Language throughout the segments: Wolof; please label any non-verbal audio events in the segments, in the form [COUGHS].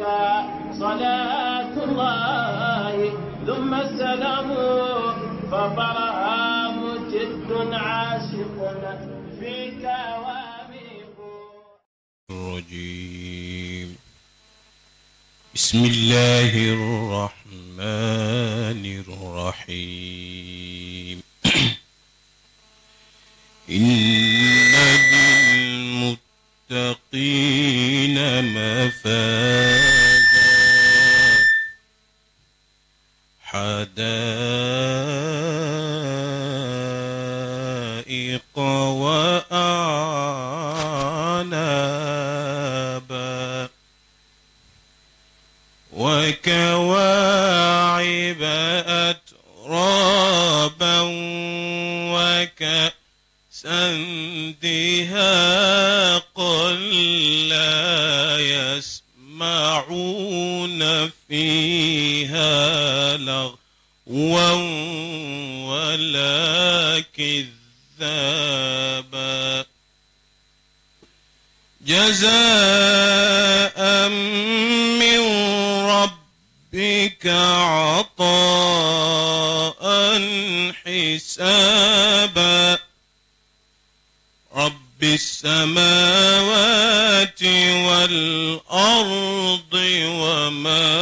عليك صلاة الله ثم السلام فبرهام جد عاشق فيك وامق الرجيم بسم الله الرحمن الرحيم إن للمتقين مفاتيح ولا كذابا جزاء من ربك عطاء حسابا رب السماوات والأرض وما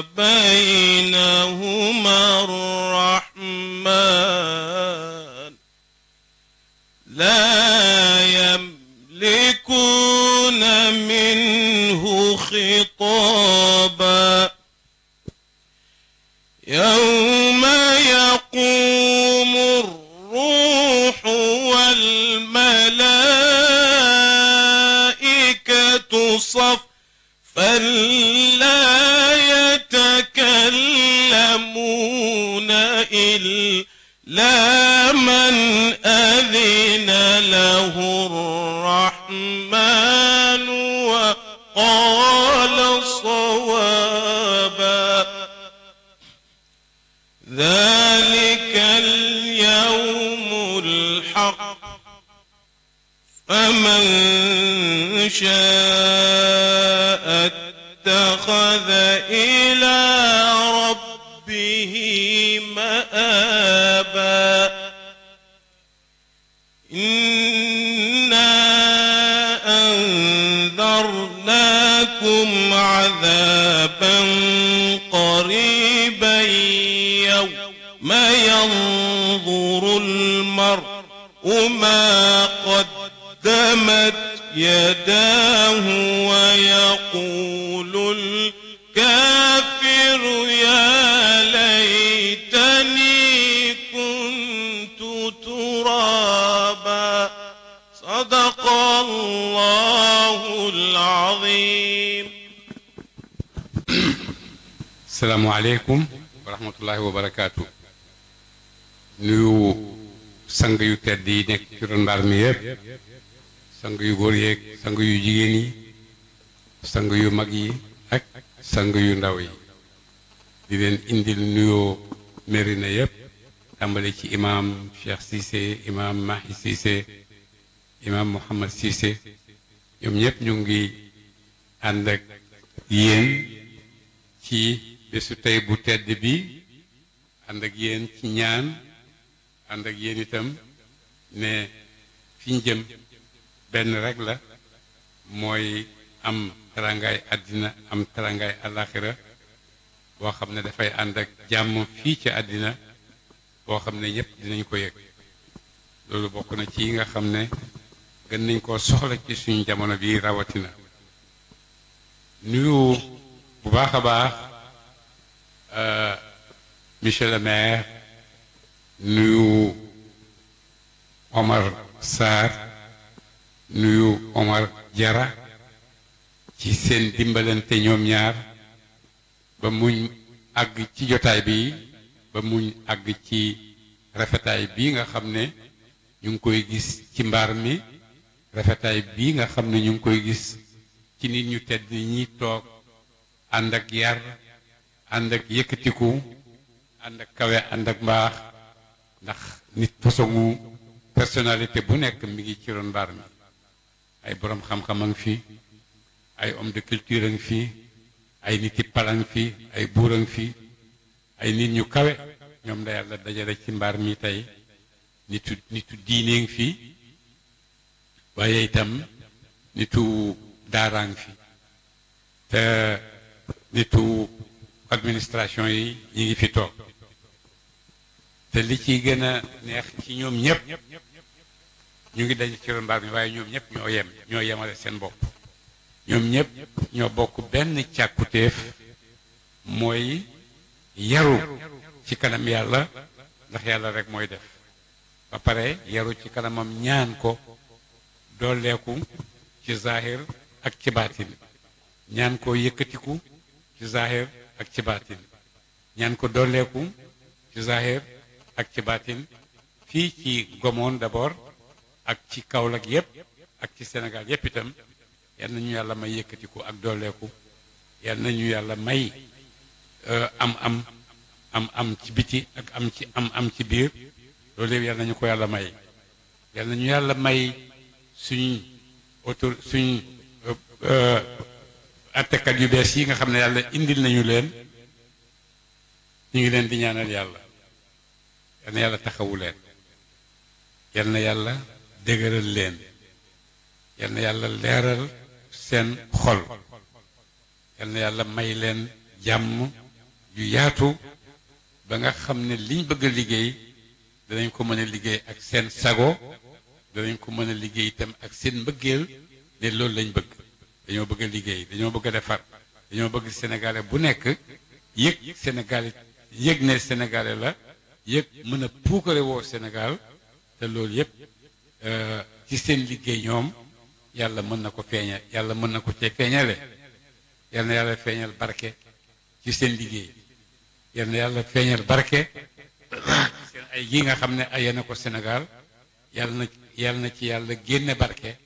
بين مولahuma الرحمن salaamualeykum wa rahmatullahi wa nuyu sang yu tedd yi nekk ci ron mi yëpp sang yu góor yeeg sang yu jigéen yi sang yu mag yi ak sang yu ndaw yi di leen indil nuyoo Médina yëpp tàmbale ci imaam Cheikh Cissé imaam Mahi Cissé imaam Mouhamad Cissé ñoom ñëpp ñu ngi ànd ak yéen ci bésu tey bu tedd bi ànd ak yéen ci ñaan ànd ak yéen itam ne fiñ ñu jëm benn rek la mooy am tarangaay àddina am tarangaay àllaaxira boo xam ne dafay ànd ak jàmm fii ci àddina boo xam ne ñëpp dinañ ko yëg loolu bokk na ci nga xam ne gën nañ koo soxla ci suñu jamono bi rawatina nuyu bu baax baax Euh, monsieur le maire nuyu Omar Sarr nuyu Omar Jara ci seen dimbalante ñoom ñaar ba muñ àgg ci jotaay bi ba muñ àgg ci rafetaay bii nga xam ne ñu ngi koy gis ci mbaar mi rafetaay bii nga xam ne ñu ngi koy gis ci nit ñu tedd ñi toog ànd ak yar ànd ak yëkkatiku ànd ak kawe ànd ak mbaax ndax nit façonu personnalité bu nekk mi ngi ci ron mbaar mi ay boroom xam-xam a ngi fi ay homme de culture a ngi fii ay niti fi ay buur a ngi fi ay nit ñu kawe ñoom la yàlla dajale ci mbaar mi tey nitu nitu diine ngi fii waaye itam nitu daaraa ngi fi te nitu administration yi ñi ngi fi toog te li ci gën a neex ci ñoom ñëpp ñu ngi daj ci mbaar mi waaye ñoom ñëpp ñoo yem ñoo yemale seen bopp ñoom ñëpp ñoo bokk benn càkkutéef mooy yaru ci kanam yàlla ndax yàlla rek mooy def ba pare yaru ci kanamam ñaan ko dooleeku ci zahir ak ci baatin ñaan ko yëkkatiku ci zahir ak ci baatin ñaan ko dooleeku ci zahir ak ci baatin fii ci gomoon d'abord ak ci Kaolack yépp ak ci Sénégal yépp itam yal na ñu yàlla may yëkkatiku ak dooleeku yal na ñu yàlla may euh, am am am am ci biti ak am ci am am ci biir loolu yëpp yal na ñu ko yàlla may yal na ñu yàlla may suñ autor suñ euh, euh, attekat yu bees yi nga xam ne yàlla indil nañu leen ñu ngi leen di ñaanal yàlla yal na yàlla taxawu leen yal na yàlla dëgëral leen yal yàlla leeral seen xol yàlla may leen jàmm yu yaatu ba nga xam ne liñ bëgg liggéey danañ ko mën a liggéey ak seen sago danañ ko mën a liggéey itam ak seen mbëggeel ne loolu lañ bëgg dañoo bëgg liggéey dañoo bëgg a defar dañoo bëgg sénégalais bu nekk yëg sénégalais yëg ne sénégalais la yëg mën a puukare woo senegal te loolu yëpp euh, ci seen liggéey ñoom yàlla mën na ko feeñal yàlla mën na ko cee feeñale yal yàlla feeñal barke ci seen liggéey yal yàlla feeñal barke ay gii nga xam ne ay a ko Sénégal yàlla na yàlla na ci yàlla génne barke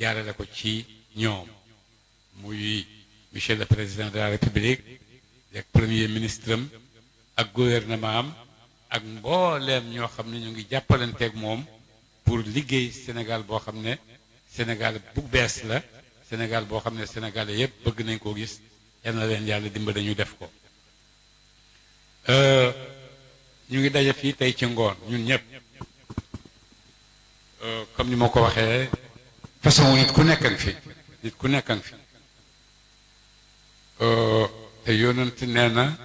jaarale ko ci ñoom mu monsieur le président de la république ak premier ministre am ak gouvernement am ak mbooleem ñoo xam ne ñu ngi jàppalanteeg moom pour liggéey Sénégal boo xam ne Sénégal bu bees la Sénégal boo xam ne Sénégal yëpp bëgg nañ koo gis yal na leen yàlla dimbali ñu def ko. Euh, ñu ngi daje fii tey ci ngoon ñun ñëpp euh, comme ni ma ko waxee façon nit ku nekkan fi nit ku nekkan fi. Euh, te yonent nee na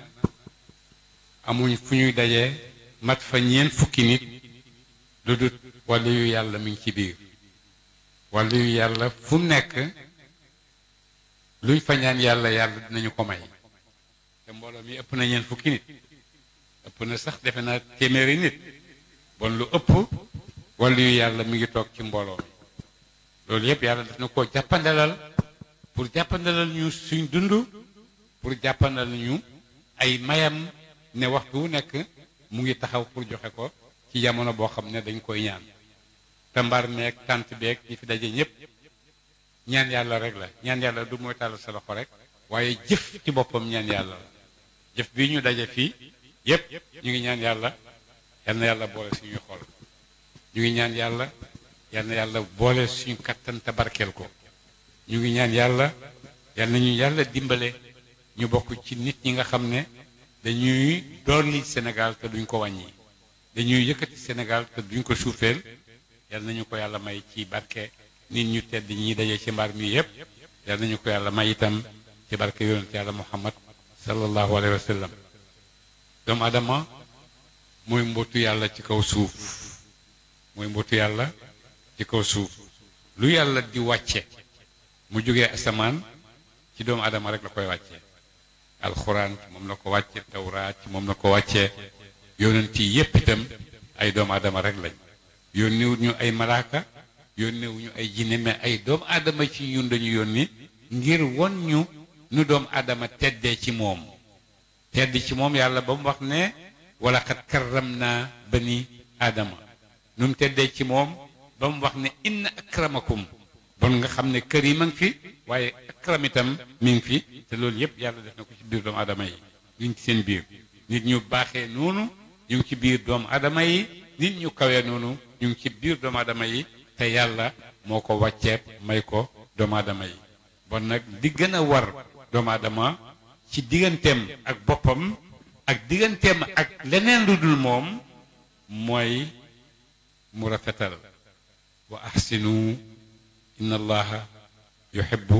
amuñ fu ñuy daje mat fa ñeent fukki nit lu dut wàllu yu yàlla mi ngi ci biir wàllu yu yàlla fu mu nekk luñ fa ñaan yàlla yàlla dinañu ko may te mbooloo mi ëpp na ñeent fukki nit ëpp na sax defe naa téeméeri nit bon lu ëpp wàllu yu yàlla mi ngi toog ci mbooloo mi loolu yëpp yàlla daf na koo jàppandalal pour jàppandalal ñu suñ dund pour jàppandal ñu ay mayam ne waxtu wu nekk mu ngi taxaw pour joxe ko ci jamono boo xam ne dañ koy ñaan mbar meek tant beeg ñi fi daje ñëpp ñaan yàlla rek la ñaan yàlla du mooy tàll sa loxo rek waaye jëf ci boppam ñaan yàlla jëf bi ñu daje fii yépp ñu ngi ñaan yàlla yàlla boole suñuy xol ñu ngi ñaan yàlla yal na yàlla boole suñu kattan te tabarkeel ko ñu ngi ñaan yàlla yal na yàlla dimbale ñu bokk ci nit ñi nga xam ne dañuy dolli Sénégal te duñ ko wàññi dañuy yëkkati Sénégal te duñ ko suufeel yal nañu ko yàlla may ci barke nit ñu tedd ñi daje ci mbaar mi yépp yal nañu ko yàlla may itam ci barke yonent yàlla Muhammad sallallahu alayhi wa sallam doomu adama mooy mbootu yàlla ci kaw suuf mooy mbootu yàlla ci kaw suuf lu yàlla di wàcce mu jógee asamaan ci doomu adama rek la koy wàcce alxuraan ci moom la ko wàcce tawraat ci moom la ko wàccee yonent yi yépp itam ay doomu aadama rek lañ yónniwut ñu ay malaaka yónniwuñu ay jinne mais ay doom aadama ci ñun dañu yónni ngir won ñu nu doom aadama teddee ci moom tedd ci moom yàlla ba mu wax ne wala xat karram naa bani aadama nu mu teddee ci moom ba mu wax ne inna akramakum bon nga xam ne kër yi ma ngi fi waaye akram itam mi ngi fi te loolu yëpp yàlla def na ko ci biir doomu aadama yi ñu ngi ci seen nit ñu baaxee noonu ñu ci biir doomu aadama yi nit ñu kawee noonu ñu ngi ci biir doomu aadama yi te yàlla moo ko wàcceeb may ko doomu aadama yi bon nag li gën a war doomu aadama ci digganteem ak boppam ak digganteem ak leneen lu dul moom mooy mu rafetal wa ahsinu inna allaha yuhibbu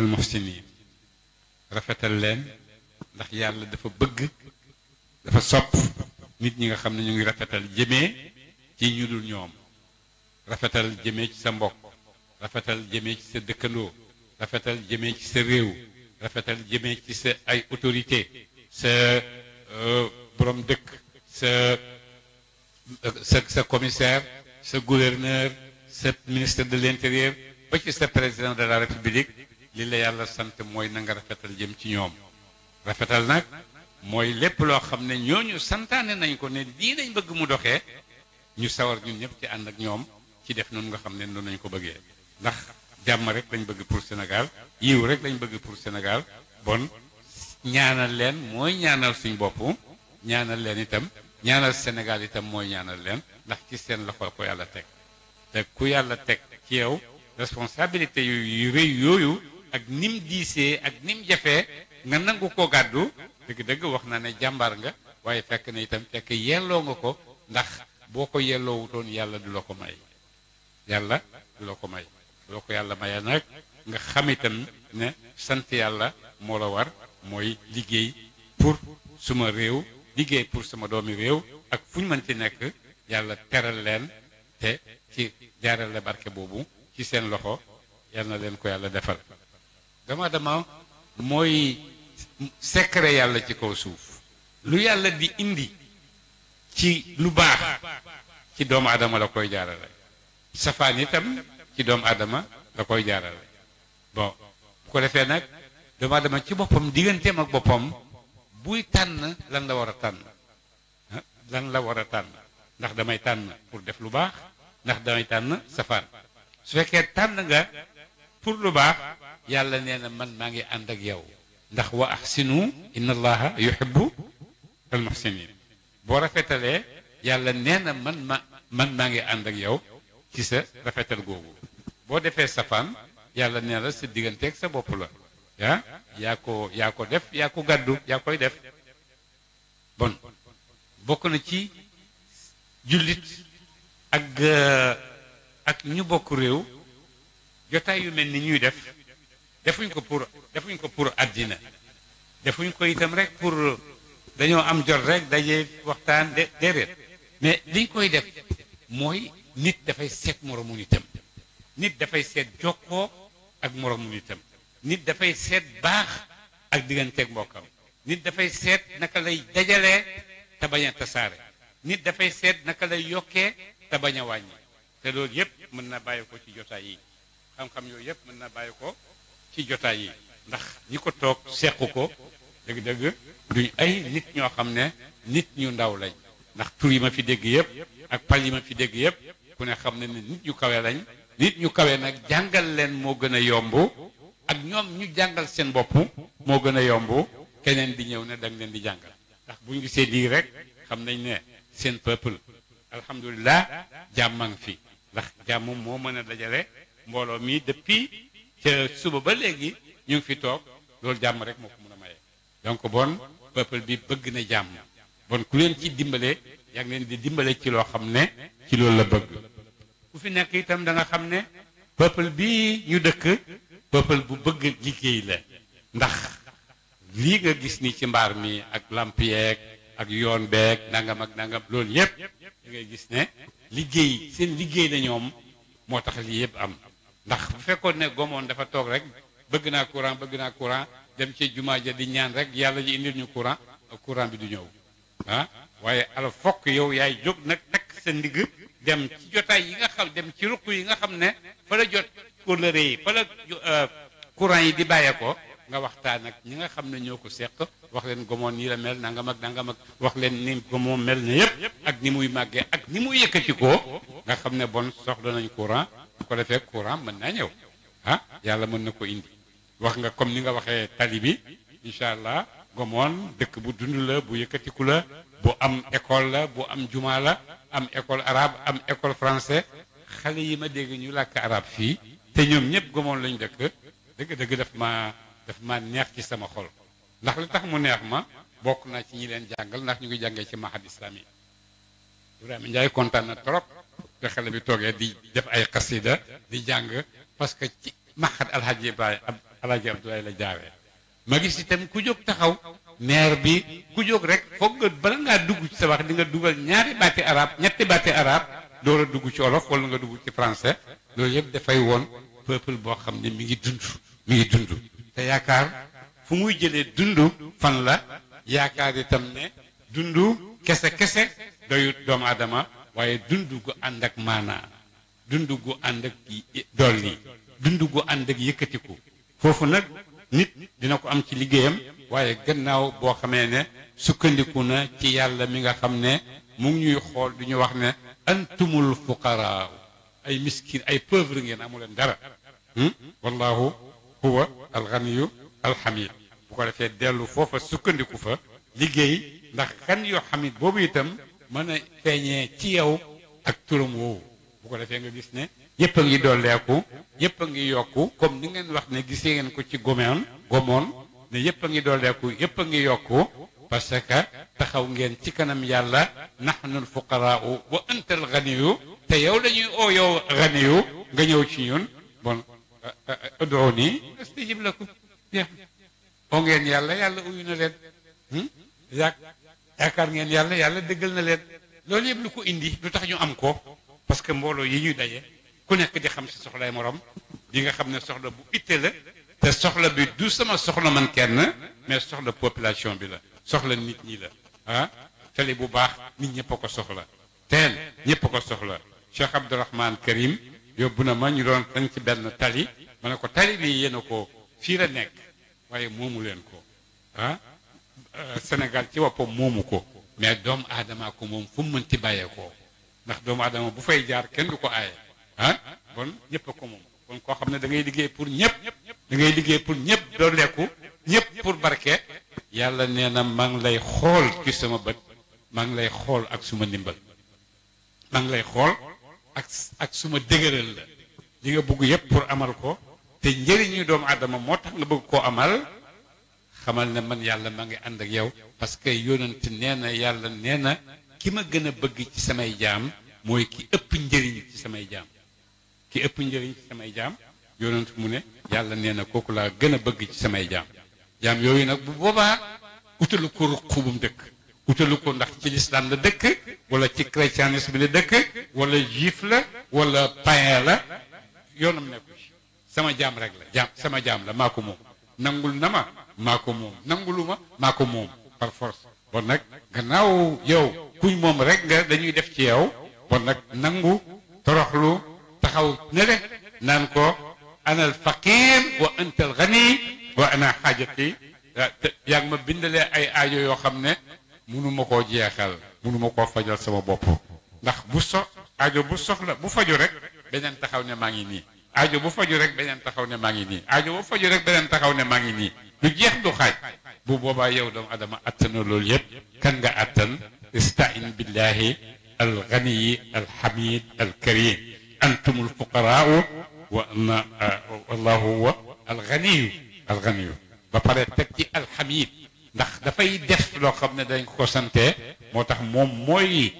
almuhsinin rafetal leen ndax yàlla dafa bëgg dafa sopp nit ñi nga xam ne ñu ngi rafetal jëmee ci ñu dul ñoom rafetal jëmee ci sa mbokk rafetal jëmee ci sa dëkkandoo rafetal jëmee ci sa réew rafetal jëmee ci sa ay autorité sa euh, boroom dëkk sa sa sa sa gouverneur sa ministre de l'intérieur ba ci sa président de la république li la yàlla sant mooy nanga nga rafetal jëm ci ñoom rafetal nag mooy lépp loo xam ne ñooñu santaane nañ ko ne lii lañ bëgg mu doxee ñu sawar ñun ñëpp ci ànd ak ñoom ci def noonu nga xam ne noonu lañ ko bëggee ndax jàmm rek lañ bëgg pour Sénégal yiw rek lañ bëgg pour Sénégal bon ñaanal leen mooy ñaanal suñ bopp ñaanal leen itam ñaanal Sénégal itam mooy ñaanal leen ndax ci seen loxo ko yàlla teg te ku yàlla teg ci yow responsabilité yu yu yooyu ak nim diisee ak nim jafe nga nangu ko gàddu dëgg-dëgg wax na ne jàmbaar nga waaye fekk na itam tekk yelloo nga ko ndax boo ko yelloo wutoon yàlla du la ko may yàlla du la ko may loo ko yàlla maya nag nga xam itam ne sant yàlla moo la war mooy liggéey pour suma réew liggéey pour sama doomi réew ak fu ci nekk yàlla teral leen te ci jaaral la barke boobu ci seen loxo yal na leen ko yàlla defal doomu aadama mooy secret yàlla ci kaw suuf lu yàlla di indi ci lu baax ci doomu aadama la koy jaarale safaan itam ci doomu aadama la koy jaarale bon bu ko defee nag doomu aadama ci boppam digganteem ak boppam buy tànn lan la war a tànn la war a tànn ndax damay tànn pour def lu baax ndax damay tànn safaan su fekkee tànn nga pour lu baax yàlla nee na man maa ngi ànd ak yow ndax wa ahsinu inna allaha yuhibbu al muhsinin boo rafetalee yàlla nee man ma man maa ngi ànd ak yow ci sa rafetal googu boo defee safaan yàlla nee na sa digganteeg sa bopp la ah yaa ko yaa ko def yaa ko gàddu yaa koy def bon bokk na ci jullit ak euh, ak ñu bokk réew jotaay yu mel ni ñuy def defuñ ko pour defuñ ko pour àddina defuñ ko itam rek pour dañoo am jot rek daje waxtaan de déedéet mais liñ koy def mooy nit dafay seet moromu itam nit dafay seet jokkoo ak moromu nitam dafay seet baax ak digganteeg mbokkam nit dafay seet naka lay dajalee te bañ nit dafay seet naka lay yokkee te bañ te loolu yëpp mën na bàyyi ko ci jotaay yi xam yooyu yëpp mën na bàyyi ci jotaay yi ndax ñi ko toog seq ko dëgg-dëgg duñ ay nit ñoo xam ne nit ñu ndaw lañ ndax tur yi ma fi dégg yëpp ak pal yi ma fi dégg yëpp ku ne xam ne ne nit ñu kawe lañ nit ñu kawe nag jàngal leen moo gën a yomb ak ñoom ñu jàngal seen bopp moo gën a yomb keneen bi ñëw ne da leen di jàngal ndax buñ gisee lii rek xam nañ ne seen peuple alhamdulilah jàmma ngi fi ndax jàmm moo mën a dajale mbooloo mi depuis ca suba ba léegi ñu ngi fi toog loolu jàmm rek moo ko mën a maye. donc bon peuple bi bëgg na jàmm bon ku leen ci dimbale yaa ngi leen di dimbale ci loo xam ne ci loolu la bëgg ku fi nekk itam da nga xam ne peuple bi ñu dëkk peuple bu bëgg liggéey la ndax lii nga gis ni ci mbaar mi ak lamp yeeg ak yoon beeg nangam ak nangam loolu yëpp da ngay gis ne liggéey seen liggéey la ñoom moo tax lii yëpp am ndax bu fekkoon ne gomoon dafa toog rek bëgg naa courant bëgg naa courant dem ci jumaa ja di ñaan rek yàlla ji indil ñu courant ak courant bi du ñëw ah waaye ala fokk yow yaay jóg nag takk seen ndigg dem ci jotaay yi nga xam dem ci ruq yi nga xam ne fa la jot kóllëre yi fa la euh, courant yi di bàyyee ko nga waxtaan ak ñi nga xam ne ñoo ko seq wax leen gomoon nii la mel nanga mag nanga mag wax leen ni gomoon mel na yëpp ak ni muy màggee ak ni muy yëkkati nga xam ne bon soxla nañ courant bu ko defee courant mën naa ñëw ah yàlla mën na ko indi wax nga comme ni nga waxee tali bi incha allah gomoon dëkk bu dund la bu yëkkatiku la bu am école la bu am jumaa la am école arabe am école français xale yi ma dégg ñu làkk arabe fii te ñoom ñëpp gomoon lañ dëkk dëgg dëgg ma daf ma neex ci sama xol ndax li tax mu neex ma bokk naa ci ñi leen jàngal ndax ñu ngi jàngee ci mahad islami Ibrahima Ndiaye kontaan na trop te xale bi toogee di def ay xasida di jàng parce que ci mahad alhaji ab alhaji Abdoulaye la jaaree ma gis itam ku jóg taxaw maire bi ku jóg rek foog nga bala ngaa dugg ci sa wax di dugal ñaari baati arab ñetti baati arab door a dugg ci olof wala nga dugg ci français loolu yëpp dafay woon peuple boo xam ne mi ngi dund mi ngi dund te yaakaar fu muy jëlee dund fan la yaakaar itam ne dund kese kese doyut doomu aadama waaye dund gu ànd ak maanaa dund gu ànd ak dolli dund gu ànd ak yëkkatiku foofu nag nit dina ko am ci liggéeyam waaye gannaaw boo xamee ne sukkandiku na ci yàlla mi nga xam ne mu ngi ñuy xool duñu wax ne antumul fuqaraaw ay miskin ay pauvre ngeen amuleen dara hmm? wallahu huwa alxaniyu alxamid bu ko defee dellu foofa sukkandiku fa liggéey ndax xan yoo xamid boobu itam mën a feeñee ci yow ak turam woowu bu ko defee nga gis ne yëpp a ngi dolleeku yëpp a ngi yokku comme ni ngeen wax ne gisee ngeen ko ci gomoon gomoon ne yëpp a ngi dolleeku yëpp a ngi yokku parce que taxaw ngeen ci kanam yàlla naxnu lfuqaraau wa anta alganiyu te yow la ñuy oo yow ganiyu nga ñëw ci ñun bon euh, euh, euh, udoo nii astajib lakum jeex oo ngeen yàlla yàlla uyu na leen hmm? yaakaar ngeen yàlla yàlla dëggal na leen loolu yëpp lu ko indi lu tax ñu am ko parce que mbooloo yi ñuy daje ku nekk di xam si soxlaay moroom di nga xam ne soxla bu itte la te soxla bi du sama soxla man kenn mais soxla population bi la soxla nit ñi la ah tali bu baax nit ñëpp a ko soxla teen ñëpp a ko soxla Cheikh Abdourahman Karim yóbbu na ma ñu doon dañ ci benn tali ma ne ko tali bi yéen ko fii la nekk waaye moomu leen ko ah euh, Sénégal ci boppam moomu ko mais doomu aadama ko moom fu mu mënti bàyyee ndax doomu aadama bu fay jaar kenn du ko aaye ah bon ñëpp ko moom kon koo xam ne dangay liggéey pour ñëpp da ngay liggéey pour ñëpp doo lekku ñëpp pour barke yàlla nee na maa ngi lay xool ci sama bët maa ngi lay xool ak suma ndimbal maa ngi lay xool ak suma dëgëral la li nga bugg yëpp pour amal ko te njëriñu doomu aadama moo tax nga bëgg koo amal xamal ne man yàlla maa ngi ànd ak yow parce que yonent nee na yàlla nee na ki ma gën a bëgg ci samay jaam mooy ki ëpp njëriñ ci samay jaam ki ëpp njëriñ samay jaam yonent mu ne yàlla nee na kooku laa gën a bëgg ci samay jaam jaam yooyu nag bu boobaa utalu ko ruq bu mu dëkk utalu ko ndax ci lislaam la dëkk wala ci christianisme la dëkk walla juif la wala païen la yoonam nekkul sama jaam rek la jaam sama jaam la maa ko moom nangul na ma maa ko moom nangulu ma maa ko moom bon nag gannaaw yow kuñ moom rek nga dañuy def ci yow bon nag nangu toroxlu taxaw nele naan ko ana al faqir wa anta al wa ana xaajati ah, yaa ngi ma bindalee ay aajo yoo xam ne mënuma koo jeexal mënuma koo fajal sama bopp ndax bu so aajo bu soxla bu faju rek beneen taxaw ne maa ngi nii aajo bu faju rek beneen taxaw ne maa ngi nii aajo bu faju rek taxaw ne maa ngi nii du jeex du xaaj bu boobaa yow doomu adama attana loolu yëpp kan nga attan istain billahi alganiyi alhamid alkarim antum alfuqaraau wa anna wallahu huwa alganiyu ba pare teg ci alhamid dafay def loo xam ne dañ ko sante moo tax moom mooy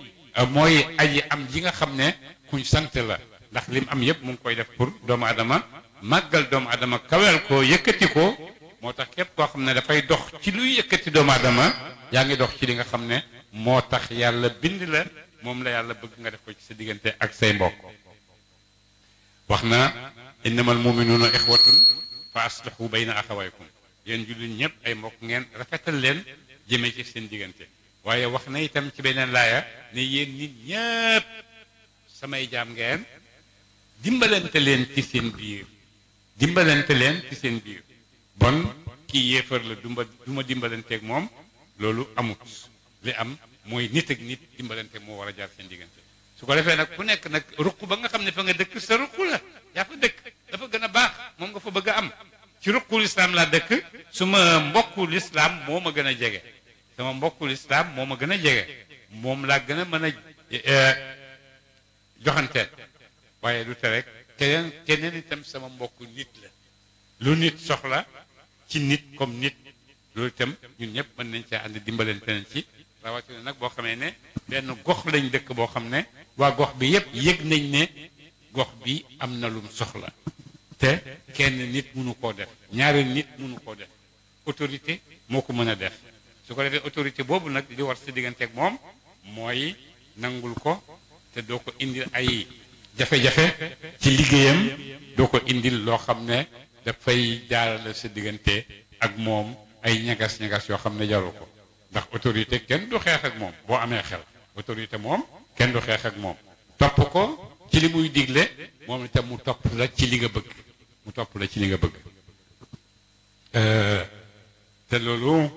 mooy aji am ji nga xam ne kuñ sant la ndax lim am yëpp mu ngi koy def pour doomu adama màggal doomu adama kaweel ko yëkkati ko moo tax képp koo xam ne dafay dox ci luy yëkkati doomu adama yaa ngi dox ci li nga xam ne moo tax yàlla bind la moom la yàlla bëgg nga def ko ci sa diggante ak say mbokk wax na innamal muminuuna ixwatun fa aslihu na axawaykum yéen jullit ñëpp ay mbokk ngeen rafetal leen jëmee ci seen diggante waaye wax na itam ci beneen laaya ne yéen nit ñëpp samay jaam ngeen dimbalante leen ci seen biir dimbalante leen ci seen biir bon kii yéefar la du ma du ma dimbalanteeg moom loolu amut li am mooy nit ak nit dimbalante moo war a jaar seen diggante su ko defee nag ku nekk nag ruq ba nga xam ne fa nga dëkk sa ruq la yaa fa dëkk dafa gën a baax moom nga fa bëgg a am ci ruqul islaam laa dëkk su ma mbokkul lislaam moo ma gën a jege sama mbokkul islaam moo ma gën a jege moom laa gën a mën a eh, joxanteel waaye du tere keneen keneen itam sama mbokk nit la lu nit soxla ci nit comme nit loolu itam ñun ñëpp mën nañ cee ànd dimbaleen teneen ci rawatina nag boo xamee ne benn gox lañ dëkk boo xam ne waa gox bi yëpp yëg nañ ne gox bi am na lum soxla te kenn nit mënu koo def ñaari nit munu koo def autorité moo ko mën a def su ko defee autorité boobu nag li war si digganteeg moom mooy nangul ko te doo ko indil ay jafe-jafe ci liggéeyam doo ko indil loo xam ne dafay jaarale sa diggante ak moom ay ñagas-ñagas yoo xam ne jaru ko ndax autorité kenn du xeex ak moom boo amee xel autorité moom kenn du xeex ak moom topp ko ci li muy digle moom itam mu topp la ci li nga bëgg mu topp la ci li nga bëgg euh, te loolu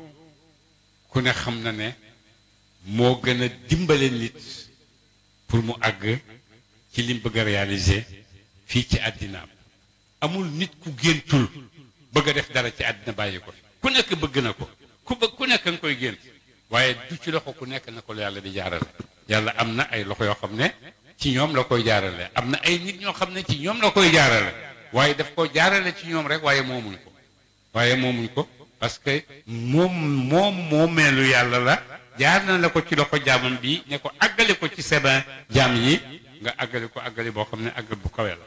ku ne xam na ne moo gën a dimbale nit pour mu àgg ci lim bëgg a réaliser fii ci àddinaam amul nit ku géntul bëgg a def dara ci àddina bàyyi ko ku nekk bëgg na ko ku bëgg ku nekk nga koy gént waaye du ci loxo ku nekk na ko la yàlla di jaarale yàlla am na ay loxo yoo xam ne ci ñoom la koy jaarale am na ay nit ñoo xam ne ci ñoom la koy jaarale waaye daf koo jaarale ci ñoom rek waaye moomuñ ko waaye moomuñ ko parce que moom moom moomeelu yàlla la jaar na la ko ci loxo jaamam bi ne ko àggale ko ci seba jaam yi nga àggali ko àggali boo xam ne àggal bu kawe la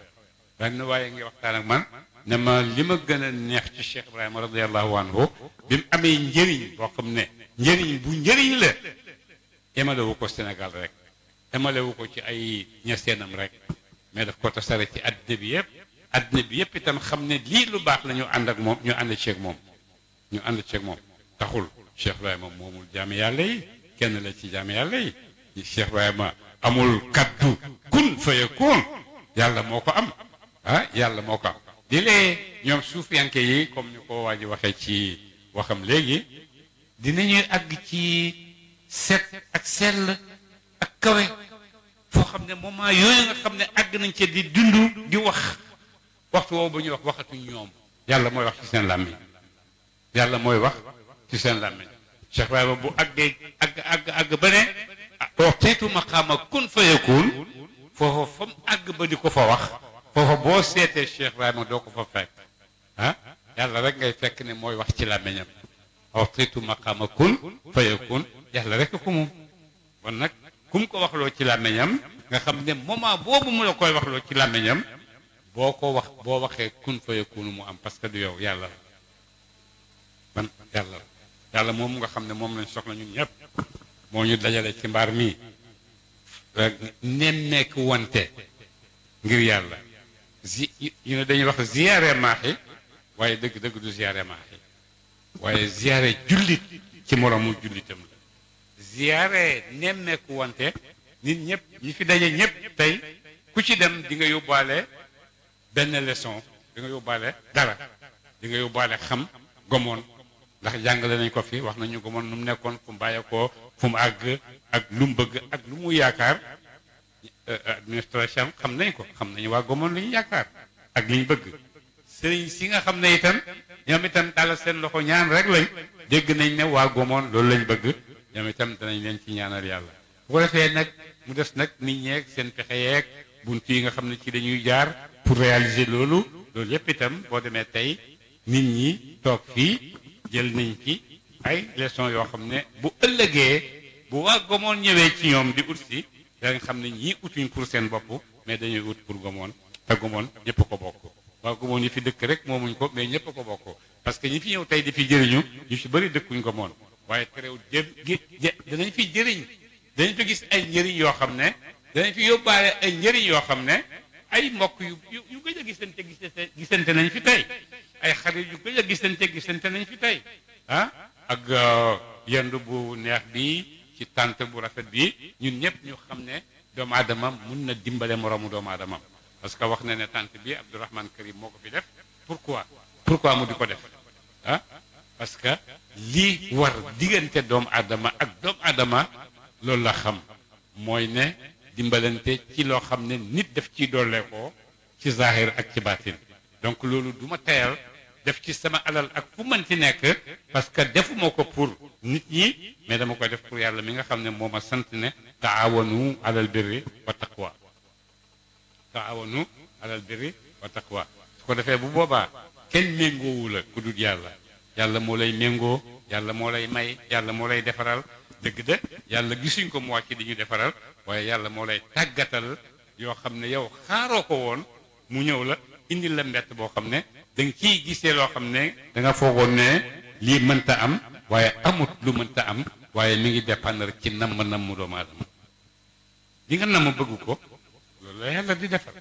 daa na waaye ngi waxtaan ak man ne ma li ma gën a neex ci Cheikh Ibrahima radiallahu anhu bi mu amee njëriñ boo xam ne njëriñ bu njëriñ la emalewu ko Sénégal rek emalewu ko ci ay ñaseenam rek mais daf ko tasare ci àddina bi yëpp àddina bi yëpp itam xam ne lii lu baax la ànd ak moom ñu ànd ceeg moom ñu ànd ceeg moom taxul Cheikh Ibrahima moomul jaami yàlla yi kenn la ci jaami yàlla yi Cheikh Ibrahima amul kaddu kun fayakun yàlla moo ko am ah yàlla moo ko am di lee ñoom suufiyanke yi comme ñu ko waa ji waxee ci waxam léegi dinañuy àgg ci set ak sell ak kawe foo xam ne moment yooyu nga xam ne àgg nañ ci di dund di wax waxtu woowu ba ñuy wax waxatuñ ñoom yàlla mooy wax ci seen làmmiñ yàlla mooy wax ci seen làmmiñ Cheikh Baye bu àggee àgg àgg àgg ba tooxiitu maqaama kun fayakun foofa fa mu àgg ba ko fa wax foofa boo seetee Cheikh Ibrahima doo ko fa fekk ah, yàlla rek ngay fekk ne mooy wax ci làmmiñam tooxiitu maqaama kun fayakun rek kon nag kum ko waxloo ci làmmiñam nga xam ne moment koy waxloo ci làmmiñam boo ko wax boo waxee kun fayakun mu am parce que du yow yàlla man yàlla moom nga xam ne moom lañ soxla ñun ñëpp moo ñu dajale ci mbaar mi euh, nemmeeku wante ngir yàlla zi ne dañuy wax ziyaare maaxi waaye dëgg dëgg du ziyaare maaxi waaye ziyaare jullit ci moromu jullitam la ziyaare nemmeeku wante nit ñëpp ñi fi daje ñëpp tey ku ci dem di nga yóbbaale benn leçon di nga yóbbaale dara di nga yóbbaale xam gomoon ndax jàngale nañ ko fi wax nañu gomoon nu mu nekkoon fu mu bàyyeekoo fu mu àgg ak lu mu bëgg ak lu mu yaakaar euh, euh, administration xam nañ ko xam nañu waa gomoon li ñu yaakaar ak li ñu bëgg sëriñ si nga xam ne itam ñoom itam dalal seen loxo ñaan rek lañ dégg nañ ne waa gomoon loolu lañ bëgg ñoom itam danañ leen ci ñaanal yàlla bu ko defee nag mu des nag nit ñeeg seen pexe yeeg bunt yi nga xam ne ci dañuy jaar pour réaliser loolu loolu yépp itam boo demee tey nit ñi toog fii jël nañ ci ay leçon yoo xam ne bu ëllëgee bu waa gomoon ñëwee ci ñoom di ut si danga xam ne ñii utuñ pour seen bopp mais dañuy ut pour gomoon te gomoon ñëpp ko bokk waa gomoon ñi fi dëkk rek moomuñ ko ñëpp ko bokk parce que ñi fi ñëw tey di fi jëriñu ñu ci bëri dëkkuñ gomoon waaye terew jëm gi danañ fi jëriñ dañ fi gis ay njëriñ yoo xam ne danañ fi yóbbaale ay njëriñ yoo xam ne ay mbokk yu yu gëj a gisante gisante nañ fi tey ay xarit yu gëj a gisante gisante nañ fi tey ah ak euh, yendu bu neex bi ci tànt bu rafet bi ñun ñëpp ñu xam ne doomu aadamam mun na dimbale moroomu doomu aadamam parce que wax na ne tànt bi Abdourahman Karim moo ko fi def pour pourquoi mu du ko def ah parce que lii war diggante doomu aadama ak doomu aadama loolu la xam mooy ne dimbalante ci loo xam ne nit def ciy doole ko ci zahir ak ci baatin donc loolu du teyal def ci sama alal ak fu mën ci nekk parce que defuma ko pour nit ñi mais dama koy def pour yàlla mi nga xam ne moo ma sant ne taawanu alal birri wa taqwa taawanu alal birri wa taqwa su ko defee bu boobaa kenn méngoowu la ku yàlla yàlla moo lay méngoo yàlla moo lay may yàlla moo lay defaral dëgg de yàlla gisuñ ko mu wàcc di ñu defaral waaye yàlla moo lay tàggatal yoo xam ne yow xaaroo ko woon mu ñëw la indi la mbett boo xam ne danga nga ciy gisee loo xam ne danga nga foogoon ne lii mënta am waaye amut lu mënta am waaye mi ngi dépendre ci namm namm doomu aadama li nga namm bëgg ko loolu la yàlla di defar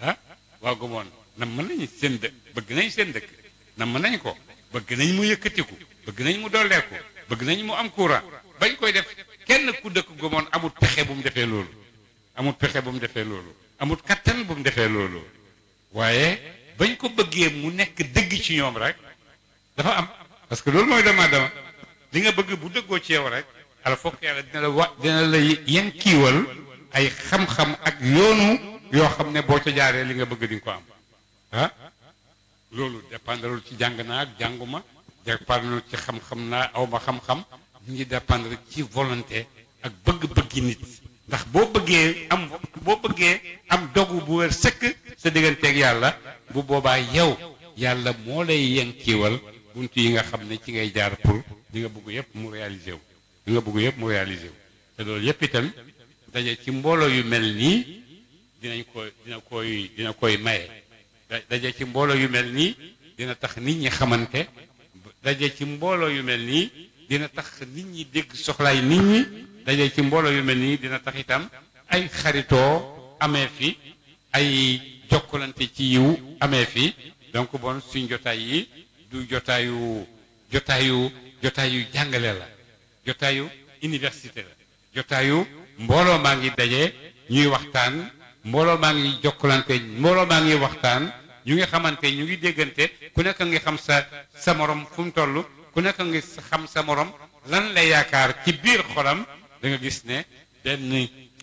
ah waa gomoon namm nañ seen dëkk bëgg nañ seen dëkk namm nañ ko bëgg nañ mu yëkkatiku bëgg nañ mu dolleeku bëgg nañ mu am courant bañ koy def kenn ku dëkk gomoon amut pexe bu mu defee loolu amut pexe bu mu defee loolu amut kattan bu mu defee loolu waaye bañ ko bëggee mu nekk dëgg ci ñoom rek dafa am parce que loolu mooy dama dama li nga bëgg bu dëggoo ci yow rek ala fokk yàlla dina la wa dina la yen kiiwal ay xam-xam ak yoonu yoo xam ne boo ca jaaree li nga bëgg di ko am ah loolu dépendre ci jàng naa ak jànguma dépendre ci xam-xam naa aw ma xam-xam ñu ngi dépendre ci volonté ak bëgg-bëggi nit ndax boo bëggee am boo bëggee am dogu bu wér sëkk sa digganteeg yàlla bu boobaa yow yàlla moo lay yenkiwal bunt yi nga xam ne ci ngay jaar pour di nga bëgg yëpp mu réalisé wu li nga bëgg yëpp mu réalisé te loolu yëpp itam daje ci mbooloo yu mel nii dinañ ko dina koy dina koy maye daje ci mbooloo yu mel nii dina tax nit ñi xamante daje ci mbooloo yu mel nii dina tax nit ñi dégg soxlaay nit ñi daje ci mbooloo yu mel nii dina tax itam ay xaritoo amee fi ay jokkalante ci yiw amee fii donc bon suñ jotaay yi du jotaayu jotaayu jotaayu jàngale la jotaayu université la jotaayu mbooloo maa ngi daje ñuy waxtaan mbooloo maa ngi jokkalante mbooloo maa ngi waxtaan ñu ngi xamante ñu ngi déggante ku nekk ngi xam sa sa morom fu mu toll ku nekk ngi xam sa morom lan la yaakaar ci biir xolam da gis ne benn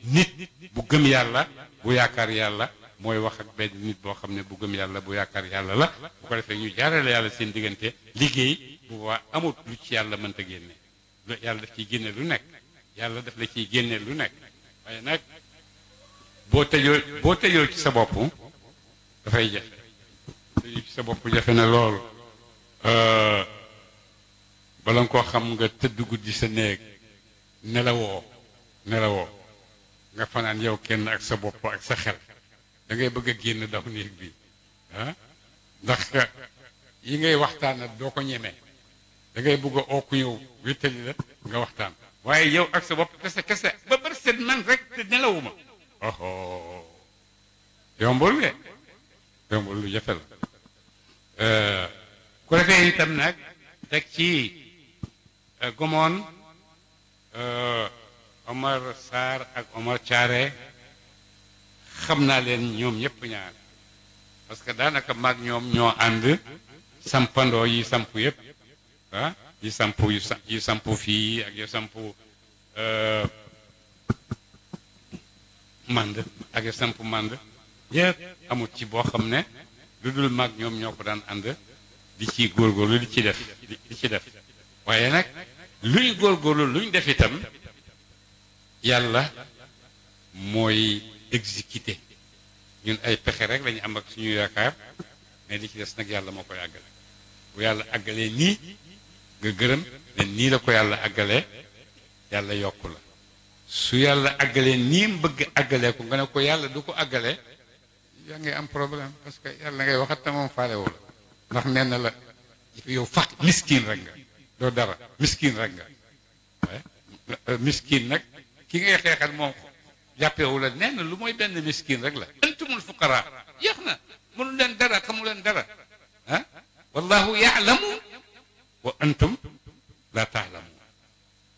nit bu gëm yàlla bu yaakaar yàlla mooy wax ak benn nit boo xam ne bu gëm yàlla bu yaakaar yàlla la bu ko defee ñu jaarale yàlla seen diggante liggéey bu waa amut lu ci yàlla mënta génne yàlla daf ciy génne lu nekk yàlla def la ciy génne lu nekk waaye nag boo tëjoo boo tëjoo ci sa bopp dafay jafe tëjoo ci sa bopp jafe na lool euh, bala nga koo xam nga tëdd guddi sa néeg nelawoo nelawoo nga fanaan yow kenn ak sa bopp ak sa xel dangay bëgg génn daw néeg bi ah ndax yi ngay waxtaana doo ko ñemee dangay bugg a ooku ñëw wéttali la nga waxtaan waaye yow ak sa bopp kese kese ba bër set man rek te nelawuma yombul lu jafe la euh, ku defee itam nag teg ci euh, gomoon euh, Omar Sarr ak Omar Thiaré xam naa leen ñoom ñëpp ñaar parce que daanaka maag ñoom ñoo ànd sampandoo yi samp yëpp ah yi samp yi samp fii ak yi samp euh, mànd ak yi samp mànd yëpp amut ci boo xam ne lu dul maag ñoom ñoo ko daan ànd di ci góor góor ci di ci def waaye nag luñ góorgóorlu luñ def itam yàlla mooy exécuté ñun ay pexe rek lañu am ak suñu yaakaar mais li ci des nag yàlla moo koy àggale bu yàlla àggalee nii nga gërëm ne nii la ko yàlla aggalee yàlla yokk la su yàlla àggalee nii mu bëgg àggalee ko nga ne ko yàlla du ko àggalee yaa ngi am problème parce que yàlla ngay waxat te moom faalewu la ndax nee na la yow faq miskin rek nga doo dara miskin rek nga euh, miskin nag ki ngay xeexal moom jàppewu la nee lu mooy benn miskin rek la antumul fuqara yéex na mënu leen dara xamu leen dara ah wallahu yaalamu wa antum la taalamuun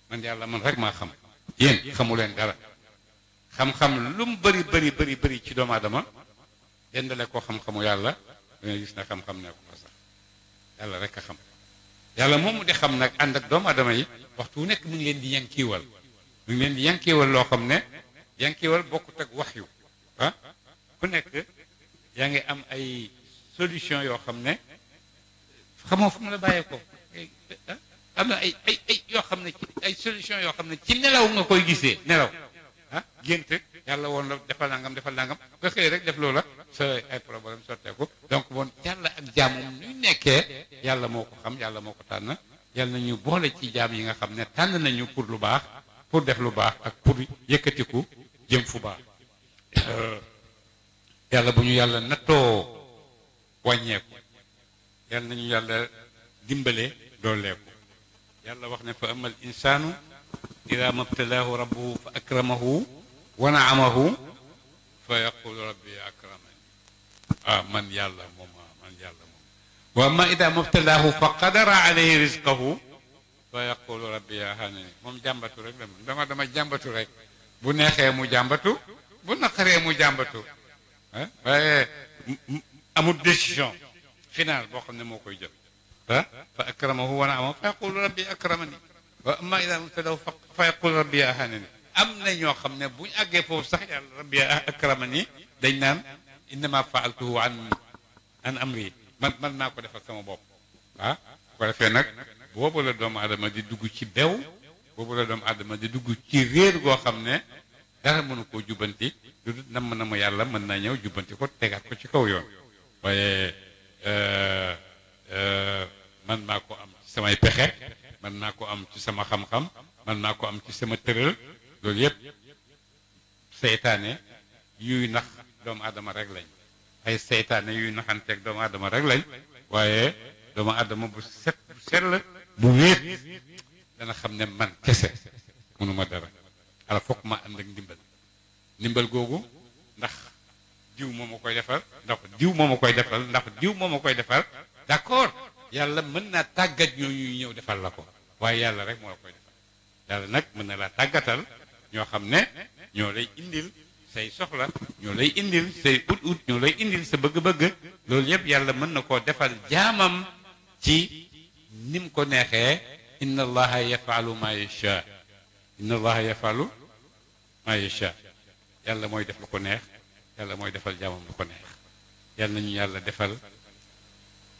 man yàlla man rek ma xam yéen xamu leen dara xam-xam lu mu bëri bari bëri ci doomu aadama dendale ko xam-xamu yàlla da ngay gis ne xam-xam ne ko fa sax xam di xam nag ànd doom doomu aadama yi waxtu wu nekk mu ngi leen di yankiiwal mu ngi leen di yankiiwal loo xam ne yankiwal bokkut ak wax yu ah ku nekk yaa ngi am ay solution yoo xam ne xamoo fu mu la bàyyee ko am na ay ay yoo xam ne ay solution yoo xam ne ci nelaw nga koy gisee nelaw ah gént yàlla woon la defal nangam defal nangam nga xëy rek def loola sa ay problème sotteeku donc bon yàlla ak jaamam ñu nekkee yàlla moo ko xam yàlla moo ko tànn yàlla nañu boole ci jaam yi nga xam ne tànn nañu pour lu baax pour def lu baax ak pour yëkkatiku jëm fu baax euh, yàlla bu ñu yàlla nattoo wàññeeku yàlla nañu yàlla dimbale dooleeku yàlla wax ne fa amal insaanu ida mabtalaahu rabbuhu fa akramahu wa naamahu fa yaqulu rabbi akramani ah man yàlla moom ah, man yàlla moom wa amma ida mabtalaahu fa qadara alayhi rizqahu fa yaqulu rabbi ahanani moom jàmbatu rek la dama dama jàmbatu rek bu neexee mu jàmbatu bu naqaree mu jàmbatu ah décision finale boo xam ne moo koy jël fa fa akramahu wa naama fa yaqulu rabbi akramani am na ñoo xam ne buñu àggee foofu sax yàlla rabbi akramani dañ naan innama faaltuhu an an amri man man naa ko defal sama bopp ah ko defee nag boobu la doomu adama di dugg ci bew boobu la doomu aadama di dugg ci réer goo xam ne dara mënu koo jubbanti lu dul nam na ma yàlla mën naa ñëw jubbanti ko tegaat ko ci kaw yoon waaye euh, euh, man maa ko am samay pexe man maa ko am ci sama xam-xam man maa ko am ci sama tëral loolu yépp seytaane yuy nax doomu aadama rek lañ seytaane yuy naxanteeg doomu aadama rek lañ waaye doomu aadama bu set bu set bu wéet dana xam ne man kese mënuma dara ala foog ma am ak ndimbal ndimbal googu ndax diw moom ma koy defal ndax diw moo ma koy defal ndax diw moo ma koy defal d'accord yàlla mën naa tàggat ñooñu ñëw defal la ko waaye yàlla rek moo la koy defal yàlla nag mën na laa tàggatal ñoo xam ne ñoo lay indil say soxla ñoo lay indil say ut ut ñoo lay indil sa bëgg-bëgg loolu yëpp yàlla mën na koo defal jaamam ci nim ko neexee inna allaha yafalu ma yasha inna allaha yafalu ma yasha yàlla mooy def lu ko neex yàlla mooy defal jaamam lu ko neex yàlla nañu yàlla defal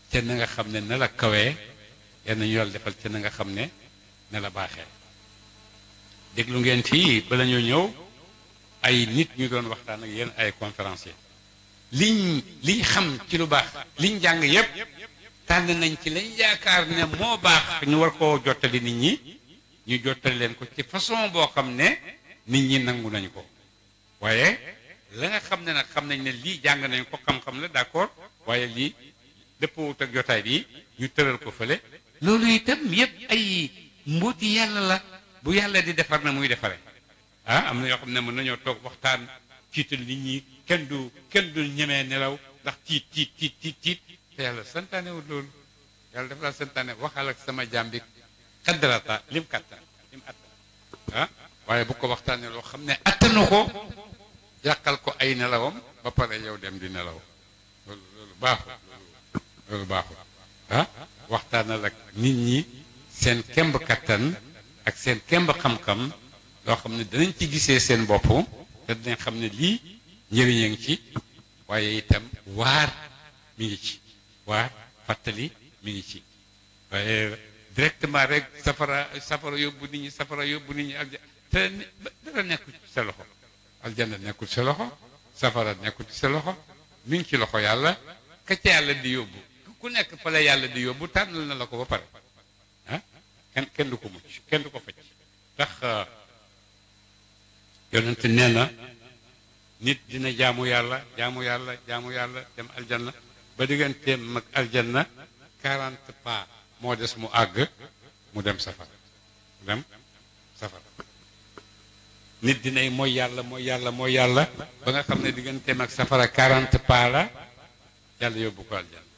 te na nga xam ne na la kawee yàlla nañu yàlla defal te na nga xam ne na la baaxee déglu ngeen fii bala ñoo ñëw ay nit ñu doon waxtaan ak yéen ay conférencier liñ liñ xam ci lu baax liñ jàng yépp tàng nañ ci lañ yaakaar ne moo baax ñu war koo jottali nit ñi ñu jottali leen ko ci façon boo xam ne nit ñi nangu nañu ko waaye la nga xam ne nag xam nañ ne lii jàng nañ ko xam-xam la d'accord waaye lii dëppwut ak jotaay bii ñu tëral ko fële loolu itam yëpp ay mbooti yàlla la bu yàlla di defar na muy defare ah am na yoo xam ne mën nañoo toog waxtaan tiital nit ñi kenn du kenn du ñemee nelaw ndax tiit tiit tiit te yàlla santaane wut loolu yàlla dafa la santaane waxal ak sama jàmbi bi xadrata lim kattan lim ah waaye bu ko waxtaanee loo xam ne attanu ko yàqal ko ay nelawam ba pare yow dem di nelaw loolu loolu baaxul loolu ah waxtaanal ak nit ñi seen kemb kattan ak seen kemb xam-xam loo xam ne danañ ci gisee seen bopp te dinañ xam ne lii njëriñ ngi ci waaye itam waar mi ngi ci waa fàttali mi ngi ci waaye directement rek safara safara yóbbu nit ñi safara yóbbu nit ñi alja te dara nekkul sa loxo aljanna nekkul sa loxo safara nekkul ci sa loxo mu ngi ci loxo yàlla ka yàlla di yóbbu ku nekk fa yàlla di yóbbu tànnal na la ko ba pare ah kenn du ko mucc kenn du ko faj ndax ah, yonent nee na nit dina jaamu yàlla jaamu yàlla jaamu yàlla dem aljanna ba digganteem ak aljanna quarante pas moo des mu àgg mu dem safara mu dem safara nit dinay mooy yàlla mooy yàlla mooy yàlla ba nga xam ne digganteem ak safara quarante pas la yàlla yóbbu ko aljanna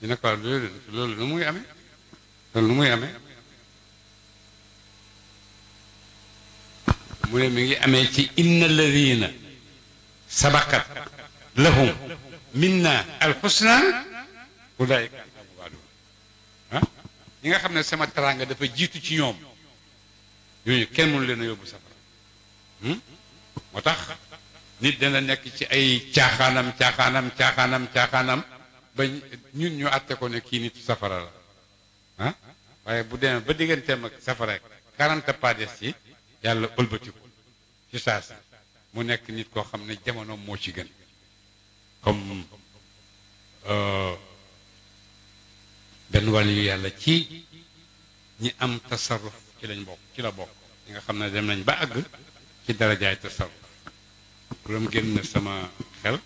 dina ko loolu loolu nu muy amee loolu nu muy amee mu ne mi ngi amee ci inna alladina sabaqat lahum minna alxusna ulaayika anhaa muwaaduun ah nga xam ne sama teraanga dafa jiitu ci ñoom yooyu kenn mënu leen a yóbbu safara hmm? moo tax nit dana nekk ci ay caaxaanam caaxaanam caaxaanam caaxaanam ba ñun ñu àtte ko ne kii nit safara la ah waaye bu demee ba digganteem ak safara quarante pas des ci yàlla ëlbatiku ci saas mu nekk nit koo xam ne jamono moo ci gën comme euh, benn wàllu yàlla ci ñi am tasarruf ci lañ bokk ci la bokk ñi nga xam ne dem nañ ba àgg ci darajaay tasarruf loolu génn na sama xel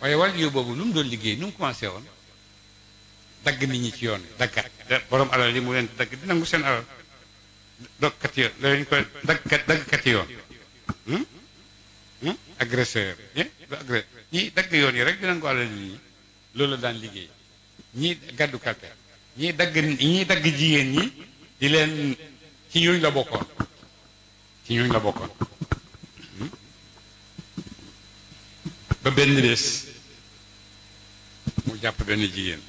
waaye wàllu yow boobu lu mu doon liggéey nu mu commencé woon dagg nit ñi ci yoon yi daggat borom alal yi mu leen dagg di nangu seen alal dogkat yoon yoon hmm? agresseur eh du dagg yoon yi rek dinañ ko àllal nit ñi loolu daan liggéey ñii gàddu kalpe ñii dagg ñii dagg jigéen ñi di leen ci ñooñ la bokkoon ci ñooñ la bokkoon hmm? ba benn bés mu jàpp benn jigéen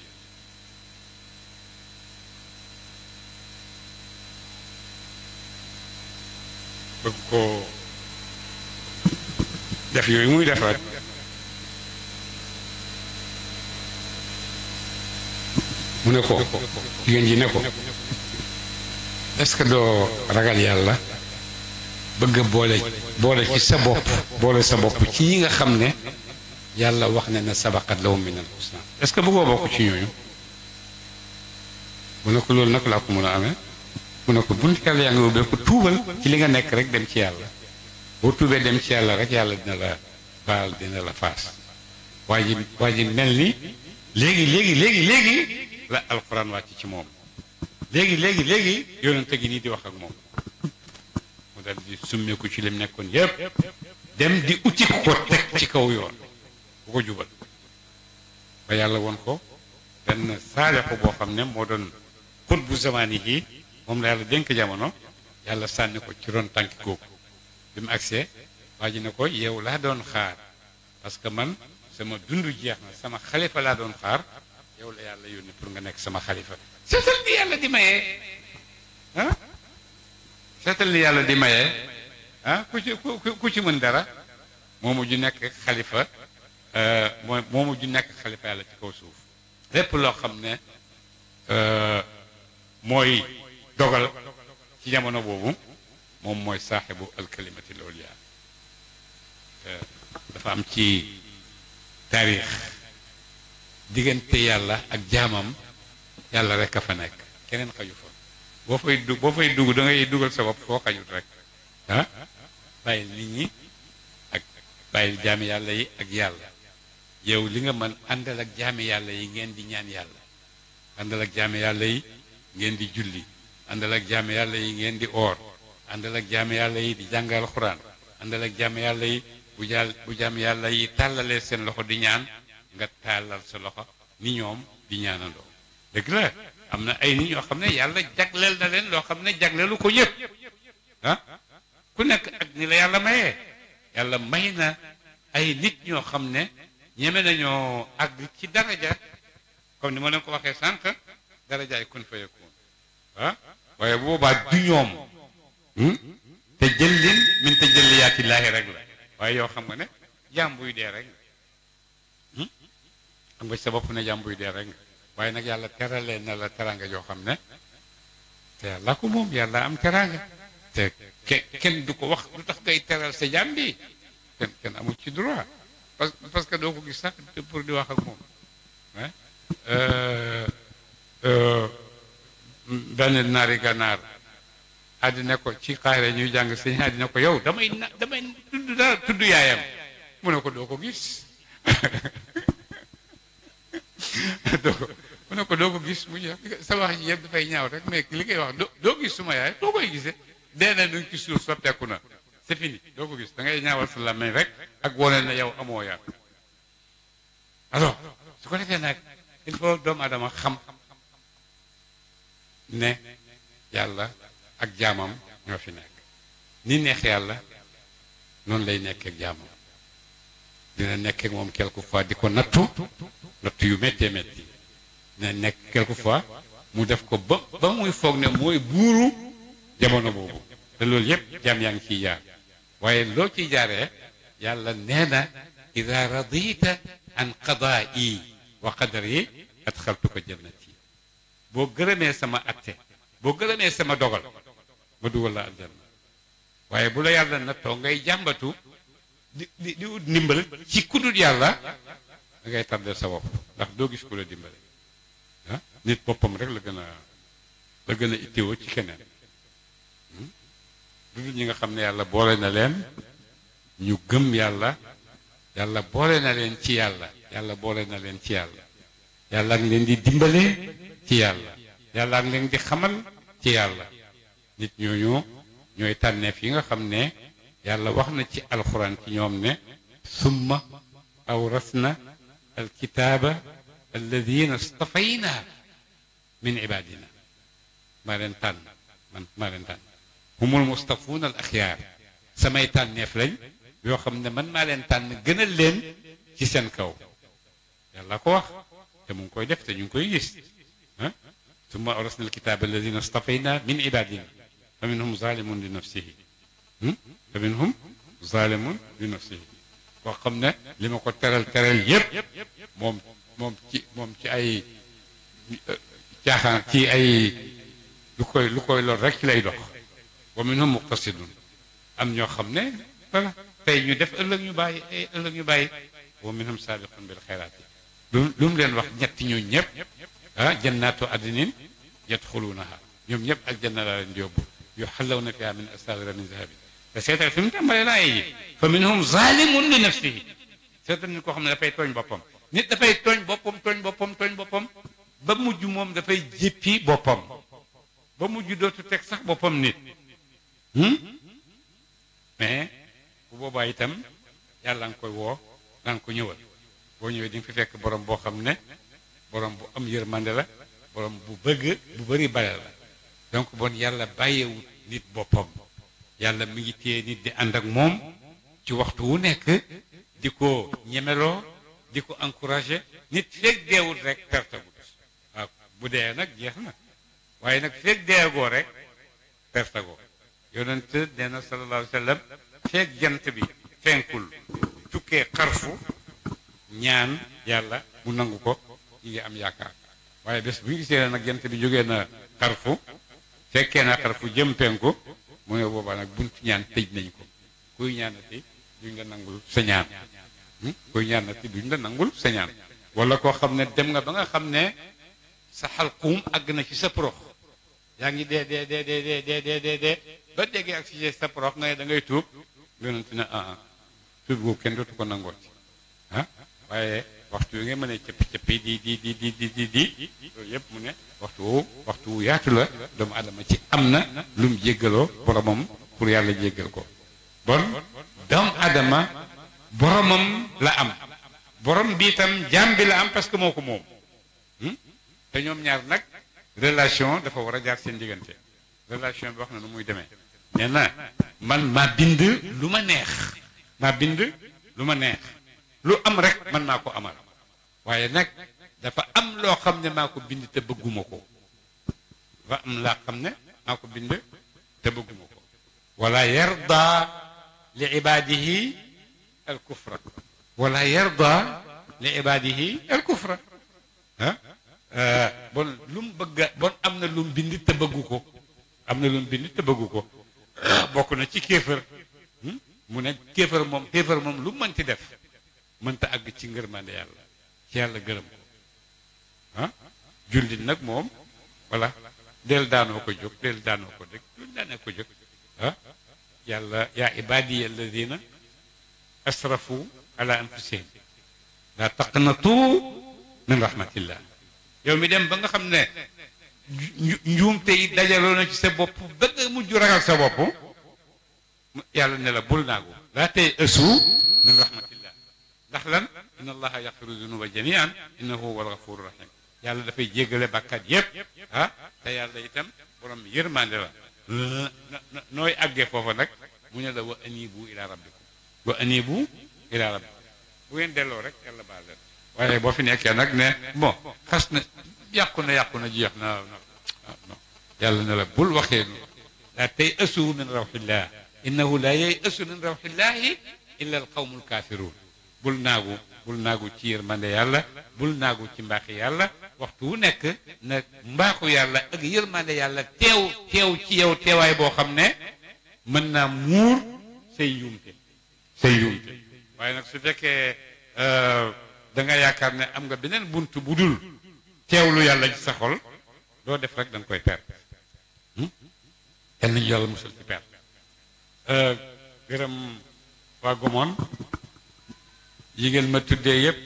bëgg ko def yooyu muy def mu ne ko jigéen ji ne ko est-ce que doo ragal yàlla bëgg boole boole ci sa bopp boole sa bopp ci ñi nga xam ne yàlla wax ne na sabaqat lahum min al-husna est-ce que bëggoo bokk ci ñooñu mu ne ko loolu nag laa ko mën a amee mu ne ko bunt yàlla yaa ngi ubbeeku tuubal ci li nga nekk rek dem ci yàlla boo tuubee dem ci yàlla rek yàlla dina la baal dina la faas waa ji waa ji mel ni léegi léegi léegi la alxuraan wàcc ci moom léegi léegi léegi yonente gi nii di wax ak moom moo dal di summeeku ci lim nekkoon yépp dem di uti ko teg ci kaw yoon bu ko jubal ba yàlla woon ko benn saalixu boo xam ne moo doon xut bu zamaani yi moom la yàlla dénk jamono yàlla sànni ko ci ron tànk googu bi mu waa ji ne ko yow laa doon xaar parce que man sama dund jeex na sama xalifa laa doon xaar yow la yàlla yónni pour nga nekk sama xalifa seetal ni yàlla di mayee ah seetal ni ah? ku ci ku ci mën dara moomu ju nekk xalifa euh, moomu ju nekk xalifa yàlla ci kaw suuf lépp loo xam ne euh, mooy dogal ci jamono boobu moom mooy saaxibu alkalimatil awliya eh, dafa am ci taarix diggante yàlla ak jaamam yàlla rek a fa nekk keneen xaju fa boo fay dug boo fay dugg da dugal sa bopp foo xajut rek ah bàyyil nit ñi ak bàyyil jaami yàlla yi ak yàlla yow li nga mën àndal ak jaami yàlla yi ngeen di ñaan yàlla àndal ak jaami yàlla di julli àndal ak jaami yàlla yi ngeen di oor àndal ak jaam yàlla yi di jàngal xuraan àndal ak jaam yàlla yi bu jaal bu jaam yàlla yi tàllalee seen loxo di ñaan nga tàllal sa loxo ni ñoom di ñaanandoo dëgg la am na ay nit ñoo xam ne yàlla jagleel na leen loo xam ne jagleelu ko ñëpp ah ku nekk ak ni la yàlla mayee yàlla may na ay nit ñoo xam ne ñeme nañoo àgg ci daraja comme ni ma leen ko waxee sànq darajaay kun fayakoon ah waaye boobaa du ñoom Hmm? te jëllin min te jëlli yaatillaahi rek la waaye yoo xam nga ne jàmbuy dee rek nga hmm? xam nga ci sa bopp ne jàmbuy dee rek nga waaye nag yàlla teralee na la teraanga yoo xam ne te yàlla ko moom yàlla am teraanga te kenn du ko wax lu tax ngay teral sa jàmm kenn kenn amul ci droit parce parce que doo ko gis sax pour di wax ak moom benn euh, euh, naari gànnaar àddina ko ci xaare ñuy jàng sëñ àddina ko yow damay na damay tudd yaayam mu ne ko doo ko gis [LAUGHS] doo ko sa wax ji yëpp dafay ñaaw rek mais li ngay wax doo gis suma yaay doo koy gisee dee na nu ci suuf soppeeku na c'est fini doo ko gis da ngay ñaawal sa làmmiñ rek ak wone na yow amoo yaay alors su ko defee nag il faut doomu aadama xam ne yàlla ak jaamam ñoo fi nekk ni neex yàlla noonu lay nekk ak jaamam dina nekk ak moom quelquefois di ko nattu nattu yu méttee métti dina nekk quelquefois mu def ko ba ba muy foog ne mooy buuru jamono boobu te loolu yépp jaam yaa ngi ciy jaar waaye loo ci jaaree yàlla nee na ida radita an qadaa'i wa qadari adxaltuka jannati boo gërëmee sama atte boo gërëmee sama dogal ma dugal la aljanna waaye bu la yàlla nattoo ngay jàmbatu di di di ut ndimbal ci kudut yàlla da ngay tardel sa bopp ndax doo gis ku la dimbale ah, nit boppam rek la gën a la gën a ittewoo ci keneen hmm? dudul ñi nga xam ne yàlla boole na leen ñu gëm yàlla yàlla boole na leen ci yàlla yàlla boole na leen ci yàlla yàlla ak leen di dimbale ci yàlla yàlla ak leen di xamal ci yàlla nit ñooñu ñooy tànneef yi nga xam ne yàlla wax na ci alxuraan ci ñoom ne summa awrasna alkitaaba alladina stafayna min ibadina maa leen tànn man maa leen tànn humul mustafuuna al samay tànneef lañ yoo xam ne man maa leen tànn gënal leen ci seen kaw yàlla ko wax te mu koy def te ñu ngi koy gis ah summa awrasna alkitaaba alladina stafayna min ibadina fa minhum zalimun li nafsihi fa minhum zalimun li nafsihi koo xam ne li ma ko teral teral yépp moom moom ci moom ci ay caaxaan ci ay lu koy lu koy lor rek ci lay dox wa minhum muqtasidun am ñoo xam ne voilà tey ñu def ëllëg ñu bàyyi ay ëllëg ñu bàyyi wa minhum saabiqun bil xayraat yi lu lu mu leen wax ñetti ñoo ñëpp ah jannaatu adnin yadxuluunaha ñoom ñëpp ak janna laa leen di yóbbu yuhallawna fiha min asaawira min zahabin te seetal fi mu tàmbalee laaye ji fa minhum zalimun li nafsihi seetal nit koo xam ne dafay tooñ boppam nit dafay tooñ boppam tooñ boppam tooñ boppam ba mujj moom dafay jéppi boppam ba mujj dootu teg sax boppam nit hmm? mais bu boobaa itam yàlla nga koy woo da ko ñëwal boo ñëwee di nga fi fekk boroom boo xam ne borom bu am yërmande la borom bu bëgg bu bëri bare la donc bon yàlla bàyyiwut nit boppam yàlla mi ngi téye nit di ànd ak moom ci waxtu wu nekk di ko ñemeloo di ko encouragé nit feeg deewul rek perte ah, bu dee nag jeex na waaye nag feeg deegoo rek perte goo yonent nee na sallallahu alayhi jant bi fenkul tukkee xarfu ñaan yàlla mu nangu ko ñu ngi am yaakaar waaye bés bu ñu gisee nag jant bi jógee na xarfu fekkee naqar fu jëm penku mu ne boobaa nag buntu ñaan tëj nañ ko kuy ñaanati duñ la nangul sa ñaan hmm? kuy ñaanati duñ la nangul sa ñaan wala koo xam ne dem nga ba nga xam ne sa xalquum àgg na ci sa prox yaa ngi de dee dee dee dee dee ba déggee ak si sa prox nga ne da ngay tuub yonent na ah ah tuub boobu kenn dootu ko nangooti ah waaye waxtu wi nga mën a cëpp cëppi di di di di di di yëpp mu ne waxtu waxtu wu yaatu la doomu adama ci am na lu mu jéggaloo boromam pour yàlla jéggal ko bon doomu adama boromam la am borom bi itam jaam bi la am parce que moo ko moom hmm? te ñoom ñaar nag relation dafa war a jaar seen diggante relation bi wax na nu muy demee nee man maa bind lu ma neex maa bind lu ma neex lu am rek mën naa ko amal waaye nag dafa am loo xam ne maa ko bind te bëgguma ko dafa am laa xam ne maa ko bind te bëgguma ko wala yarda li ibadihi al kufra wala yarda li ibadihi al kufra ah eh, bëgg bon na lu bind te bëggu ko na lu mu bëggu ko ah, bokk na ci kéefër hmm? mu ne kéefër moom kéefër moom lu mu mënti def mënta àgg ci ngërmande yàlla ci yàlla gërëm ko ah jullit nag moom voilà del daanoo ko jóg del daanoo ko dëkk luñ daanee ko jóg ah yàlla yaa ibadiya alladina asrafu ala anfusihim laa taqnatu min rahmatillah yow mi dem ba nga xam ne njuumte yi dajaloo na ci sa bopp ba nga mujj ragal sa bopp yàlla ne la bul naagu laa tey ësu min rahmatillah lan inna allaha yaxfiru dunuba jamian innahu huwa alxafuru rahim yàlla dafay jéggale bàkkaat yépp ah te yàlla itam borom yërmande la nooy àggee foofa nag mu ne la wa anibu ila rabbikum wa anibu ila rabbikum bu ngeen delloo rek yàlla baal leen waaye boo fi nekkee nag ne bon xas na yàqu na yàqu na jeex na non yàlla ne la bul waxee nu laa tey asu min rawxillah innahu laa yey asu min rawxillahi illa alqawmu alkaafiruun bul naagu bul naagu ci yërmande yàlla bul naagu ci mbaaxi yàlla waxtu wu nekk nag mbaaxu yàlla ak yërmande yàlla teew teew ci yow teewaay boo xam ne mën naa muur say yuumte say yuumte waaye nag su fekkee euh, da yaakaar ne am nga beneen bunt bu dul teewlu yàlla ci sa xol doo def rek da koy perte hmm? yal yàlla musal ci perte euh, gërëm waa Gomone yi ngeen ma tuddee yépp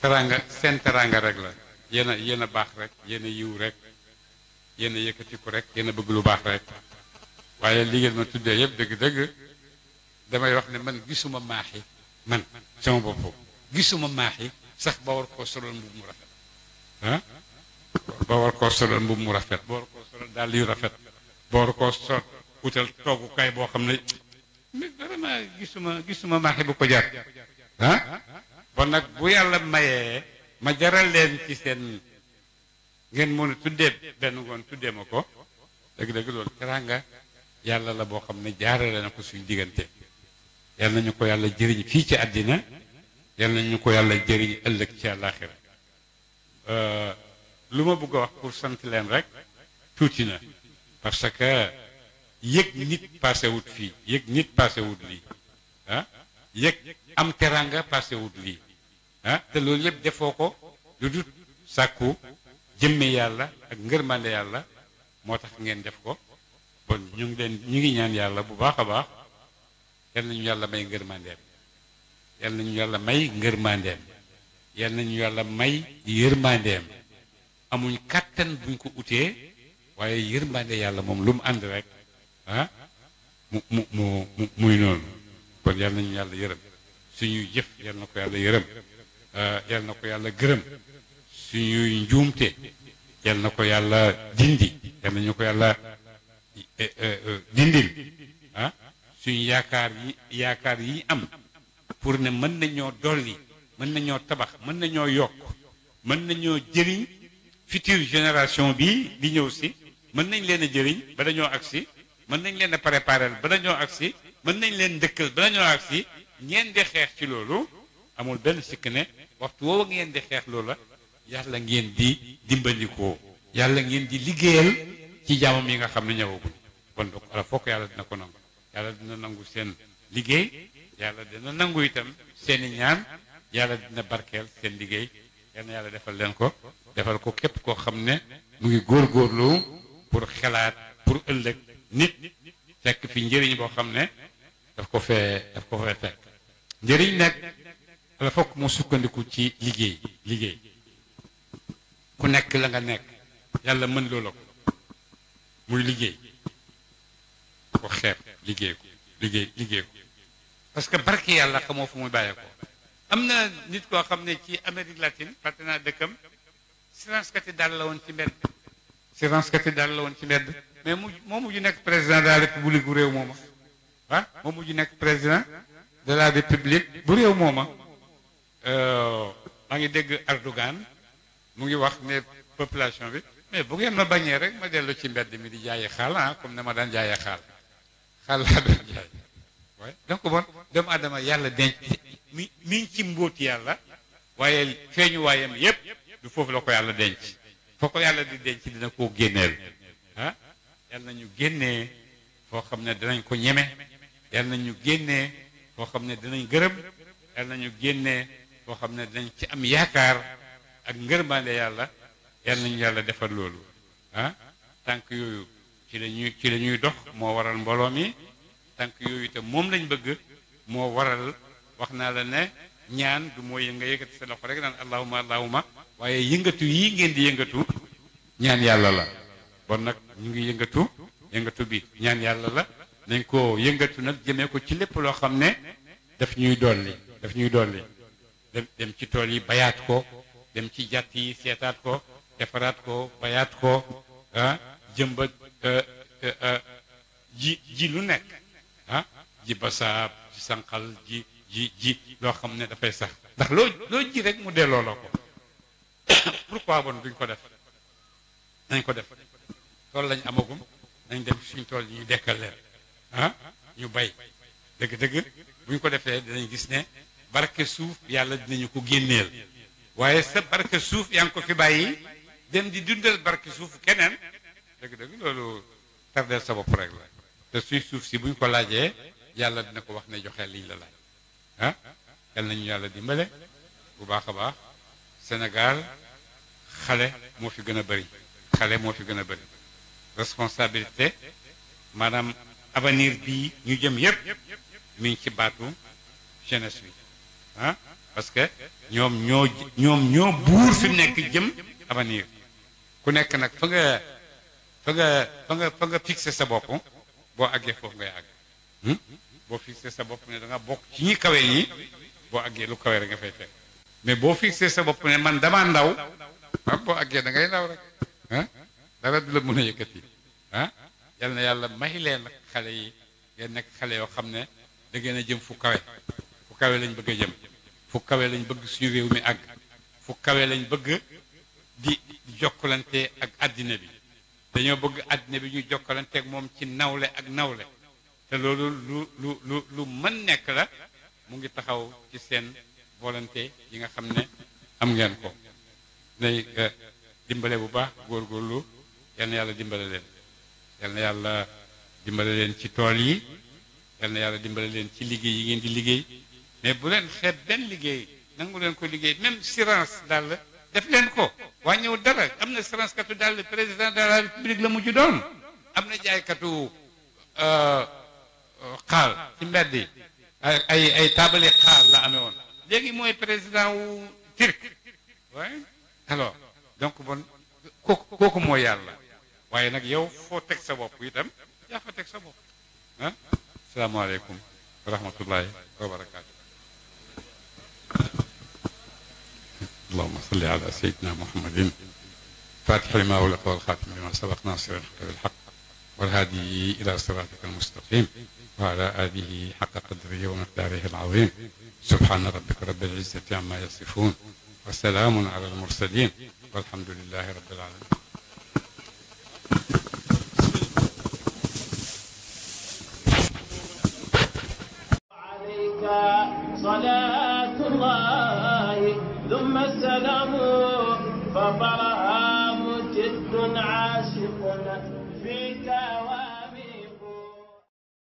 teranga seen teraanga rek la yéen a baax rek yenn yiw rek yenn yëkkatiku rek yéen a bëgg lu baax rek waaye li ngeen ma tuddee yépp dëgg-dëgg damay wax ne man gisuma maaxi man sama bopp gisuma maaxi sax ba war koo solal mbubb mu rafet ah ba war koo solal mbubb mu rafet ba war koo solal dàll yu rafet ba war koo sol utal toogukaay boo xam ne mais vraiment gisuma gisuma maaxi bu ko jaar ah bon nag bu yàlla mayee ma jaral leen ci seen ngeen mën a tuddee benn ngoon tuddee ma ko dëgg-dëgg loolu teraanga yàlla la boo xam ne leen na ko suñu diggante yal nañu ko yàlla jëriñ fii ci àddina yal ñu ko yàlla jëriñ ëllëg ci àllaaxira euh, lu ma bëgg a wax pour sant leen rek tuuti na parce que yëg nit passé wut fii yëg nit passé wut lii ah. yëg am teranga passé wut lii ah, te loolu yëpp defoo ko lu sàkku jëmme yàlla ak ngërmande yàlla moo tax ngeen def ko bon ñu leen ñu ngi ñaan yàlla bu baax a baax yal nañu yàlla may ngërmandeem yal nañu yàlla may ngërmandeem yal nañu yàlla may yërmandeem amuñ kàttan buñ ko utee waaye yërmande yàlla moom lu mu ànd rek ah mu mu mu muy noonu kon yal nañu yàlla yërëm suñuy jëf yal na ko yàlla yërëm ah, yal na ko yàlla gërëm suñuy njuumte yal na ko yàlla dindi yal nañu ko yàlla eh, eh, eh, dindil ah suñu yaakaar yi yaakaar yi am pour ne mën nañoo dolli mën nañoo tabax mën nañoo yokk mën na nañoo jëriñ future génération bii di ñëw si mën nañ leen a jëriñ ba dañoo agsi mën nañ leen a préparer ba agsi mën nañ leen dëkkal bala ñu ak ngeen di xeex ci loolu amul benn sikk ne waxtu woowu ngeen di xeex la yàlla ngeen di dimbandikoo yàlla ngeen di liggéeyal ci jaamam yi nga xam ne ñëwagul kon donc ala fokk yàlla dina ko nangu yàlla dina nangu seen liggéey yàlla dina nangu itam seen i ñaan yàlla dina barkeel seen liggéey yàlla defal leen ko defal ko képp koo xam ne mu ngi góorlu pour xelaat pour ëllëg nit fekk fi njëriñ boo xam ne daf ko fee daf ko fee fekk njëriñ nag la fokk mu sukkandiku ci liggéey liggéey ku nekk la nga nekk yàlla mën loola ko muy liggéey ko xeeb liggéey ko liggéey liggéey ko parce que barke yàlla xamoo fu mu bàyyee ko am na nit koo xam ne ci Amérique latine fàtte naa dëkkam sirancekati daal la woon ci mbedd sirancekati daal la woon ci mbedd mais mu moo mujj nekk président de la république bu réew mooma ah moo mujj nekk président de la république bu réew mooma euh, maa ngi dégg Erdogan mu ngi wax ne population bi mais bu ngeen ma bañee rek ma dellu ci mbedd mi di jaaye xaal ah comme ne ma daan jaayee xaal xaal laa doon jaay waaye donc bon doomu adama yàlla denc mi mi ngi ci mbóoti yàlla waaye feeñu waayam yépp du foofu la ko yàlla denc foo ko yàlla di denc dina koo génneel ah yàlla nañu génnee foo xam ne danañ ko ñeme yal na ñu génnee koo xam ne dinañ gërëb yal na ñu génnee koo xam ne dinañ ci am yaakaar ak ngërmaande yàlla yal nañu yàlla defal loolu ah tànk yooyu ci la ñuy ci la ñuy dox moo waral mbooloo mi tànk yooyu te moom lañ bëgg moo waral wax naa la ne ñaan du mooy nga yëkkati sa loxo rek daan allahuma allahuma waaye yëngatu yii ngeen di yëngatu ñaan yàlla la bon nag ñu ngi yëngatu yëngatu bi ñaan yàlla la nañ ko yëngatu nag jëmee ko ci lépp loo xam ne daf ñuy dolli daf ñuy dolli dem dem ci tool yi bayaat ko dem ci jàtt yi seetaat ko defaraat ko bayaat ko ah jëmbat ah, ah, ah, ji ji lu nekk ah ji basaab ji sànqal ji ji loo xam ne dafay sax ndax loo loo ji rek mu delloo la ko [COUGHS] pourquoi bon duñ ko def nañ ko def tool lañ amagum nañ dem suñ tool yi ñu dekkal leen ah ñu bay dëgg-dëgg bu ñu ko defee dinañ gis ne barke suuf yàlla dinañu ko génneel waaye sa barke suuf yaa ngi ko fi bàyyi dem di dundal barke suuf keneen dëgg-dëgg loolu tardeel sa bopp rek la te suy suuf si bu ko laajee yàlla dina ko wax ne joxe liñ la la ah yal nañu yàlla dimbale bu baax a baax Sénégal xale moo fi gën a bëri xale moo fi gën a bëri responsabilité maanaam avenir bii ñu jëm yëpp mi ngi ci baatu jeunesse bi ah, parce que ñoom ñoo ñoom ñoo buur fi nekk jëm avenir ku nekk nag fa nga fa nga fa nga fa sa bopp boo àggee foofu ngay àgg hmm? boo fixé sa bopp ne da nga bokk ci ñi kawe ñi boo àggee lu kawe rek nga fay fekk mais boo fixé sa bopp ne man damaa ndaw ah boo àggee da ngay ndaw rek ah dara du la mën a yëkkati ah yal na yàlla may leen nag xale yi ngeen nekk xale yoo xam ne da a jëm fu kawe fu kawe lañ bëgg jëm fu kawe lañ bëgg suñu réew mi àgg fu kawe lañ bëgg di jokkalante ak àddina bi dañoo bëgg àddina bi ñu jokkalante ak moom ci nawle ak nawle te loolu lu lu lu lu mën nekk la mu ngi taxaw ci seen boolante yi nga xam ne am ngeen ko nay eh, dimbale bu baax góorgóorlu yal na yàlla dimbale leen yal na yàlla dimbale leen ci tool yi yal na yàlla dimbale leen ci liggéey yi ngeen di liggéey mais bu leen xeeb benn liggéey nangu leen ko liggéey même sérance daal def leen ko wàññëw dara am na sérance katu daal le président de la république la mujj doon am na jaaykatu euh, xaal ci mbedd yi ay ay taabale xaal la amee woon léegi mooy président wu turc waaye alors donc bon kooku kooku mooy yàlla waaye nag yow foo teg sa bopp itam yaa fa teg sa bopp ah asalaamaaleykum wa rahmatullahi wa barakaatu allahuma salli ala sayidina muhammadin fatixi lima uliqa walxaatimi lima sabaq naasiri lxaqi bilxaq walhaadii ila siraatika almustaqim wa ala aalihi xaqa qadrihi wa miqdaarihi alazim subhaana rabbika rabbil izzati amma yasifun wa salaamun ala almursalin walhamdulilahi rabbil alamin عليك صلاة الله ثم السلام فطرها مجد عاشق فيك و